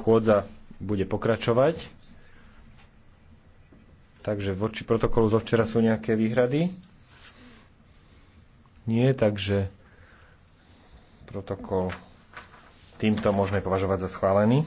schôdza bude pokračovať. Takže voči protokolu zo včera sú nejaké výhrady? Nie, takže protokol týmto môžeme považovať za schválený.